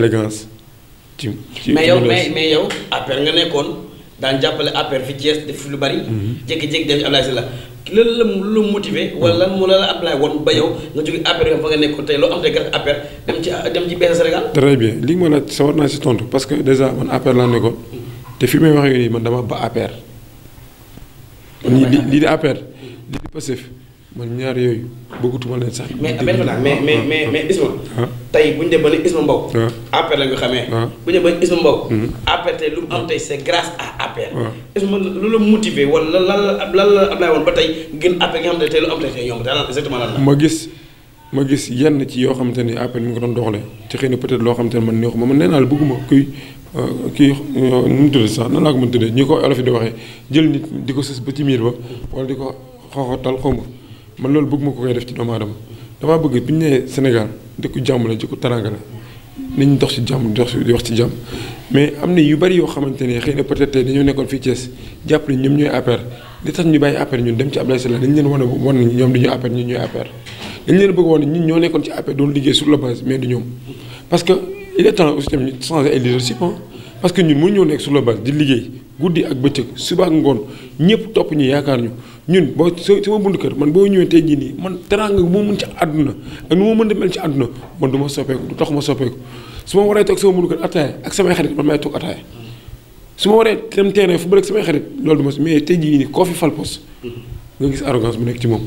élégance ci ci mais yow mais mais yow APR nga nekkoon daan jàppale APR fi Thiès def fi lu bari. Mhm. jékki-jékki def Ablaye Sylla lan la lu motivé wala lan mu la la Ablaye woon ba yow nga jóge APR nga fa nga nekkoon tey loo am tey gàtt APR dem ci dem ci benn Sénégal. très bien li nga ma sawar naa si tontu parce que déjà man APR laa nekkoon te fi may waxee nii man dama ba APR. lii lii di APR lii di Pastef man ñaar yooyu bëggatuma leen sax. mais mais mais ah, ah. mais Isma. bu dem ba ni Isma Mbow. APR la ñu xamee. bu ñu dem ba ni Isma Mbow. Ah. Hmm. mu am tey c'est la lan la ba tey gën APR nga xam ne tey lu am tey tey ma gis ma gis yenn ci yoo xamante ni APR mi ngi ko doon doxalee ci xëy na peut-être loo xamante ne man neexuma man nee naa la bëgguma kuy euh, kii euh, nu mu tuddee sax nan laa ko mën tuddee ñi ko olof di waxee jël nit di ko sës ba ci miir ba wala di ko xooxatal xaw ma man loolu bëgg ma ko koy def ci doomu aadama damaa bëgg bu ñu nee Sénégal dëkku jàmm la dëkku teraanga la nañ dox ci jàmm di wax ci jàmm mais am na yu bari yoo xamante ne xëy na peut-être tey nekkoon fii Thiès jàpp ne ñoom ñooy APR li tax ñu bàyyi APR ñun dem ci Abdoulaye Sylla dañ leen wan a wan ñoom dañoo APR ñun ñooy APR dañ leen bëgg wan ñun ñoo nekkoon ci APR doon liggéey sur la base mais du ñoom parce que il est temps aussi tamit ñu changer ay leadership guddi ak bëccëg suba ak ngoon ñëpp topp ñu yaakaar ñu ñun boo sama buntu kër man boo ñëwee tey jii nii man teraanga bu ma mën ci àdduna ak nu ma mën a mel ci àdduna man du ma soppeeku du tax ma soppeeku su ma waree toog sama buntu kër ataaya ak samay xarit man may toog ataaya su ma waree dem terrain fu bëri ak samay xarit loolu du ma si mais tey jii nii koo fi fal nga gis arrogance bu nekk ci moom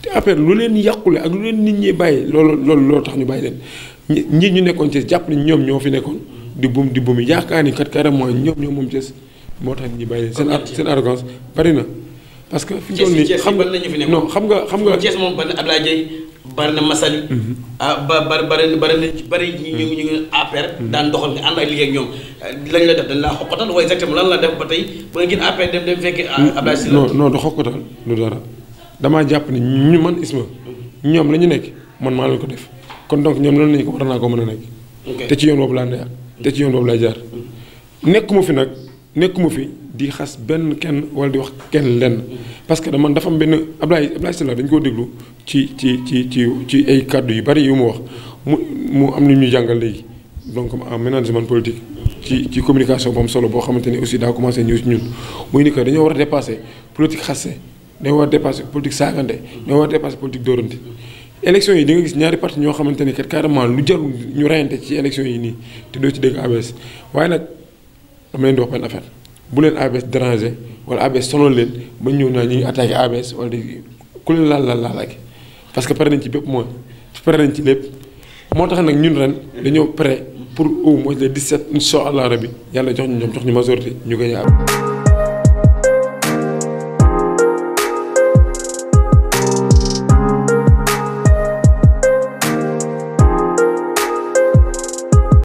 te après lu leen yàqule ak lu leen nit ñi bàyyi loolu loolu loolu tax ñu bàyyi leen ñu nekkoon ci jàpp ni ñoom ñoo fi nekkoon di bum di bum yaakaar ni kat ñoom ñoom moom Thiès moo tax ñi bàyyi seen seen arrogance bari na parce que fi mu toll nii xam nga non xam nga xam nga xam moom bari na Abdoulaye Dieye bari na Massaly mhm. ah ba bari bari na bari ñu ngi mhm. ñu ngi APR mhm. daan doxal nga ànd ak liggéey ak ñoom lañ la def dañ laa xokkatal waaye exactement lan la def ba tey ba nga gën APR dem dem fekkee ah, Abdoulaye Sylla non non du xokkatal du dara damaa jàpp ne ñu man Isma ñoom la ñu nekk man maa leen ko def kon donc ñoom loolu lañu ko war naa ko mën a nekk te ci yoon boobu laa ne te ci yoon boobu jaar nekkuma fi nag nekk mu fi di xas benn kenn wala di wax kenn lenn parce que dama dafa am benn Ablaye Ablaye Sylla dañu ko déglu ci ci ci ci ci ay kàddu yu bari yu mu wax mu mu am lu ñu jàngal léegi donc en management politique ci ci communication bu solo boo xamante ni aussi daa commencé ñëw ci ñun muy ni dañoo war a dépasser politique xasse dañoo war a dépasser politique saagante dañoo war a dépasser politique dóorante élection yi di nga gis ñaari parti ñoo xamante ni kat carrément lu jarul ñu reyante ci élection yi nii te doo ci dégg ABS waaye dama leen di wax benn affaire bu leen ABS déranger wala ABS sonal leen ba ñëw naa ñu ngi attaqué ABS wala di ku leen laal laal laal parce que pare nañ ci bépp mooy pare nañ ci lépp moo tax nag ñun ren dañoo pare pour au moins le 17 incha allah rabi yàlla jox ñu ñoom jox ñu majorité ñu gagné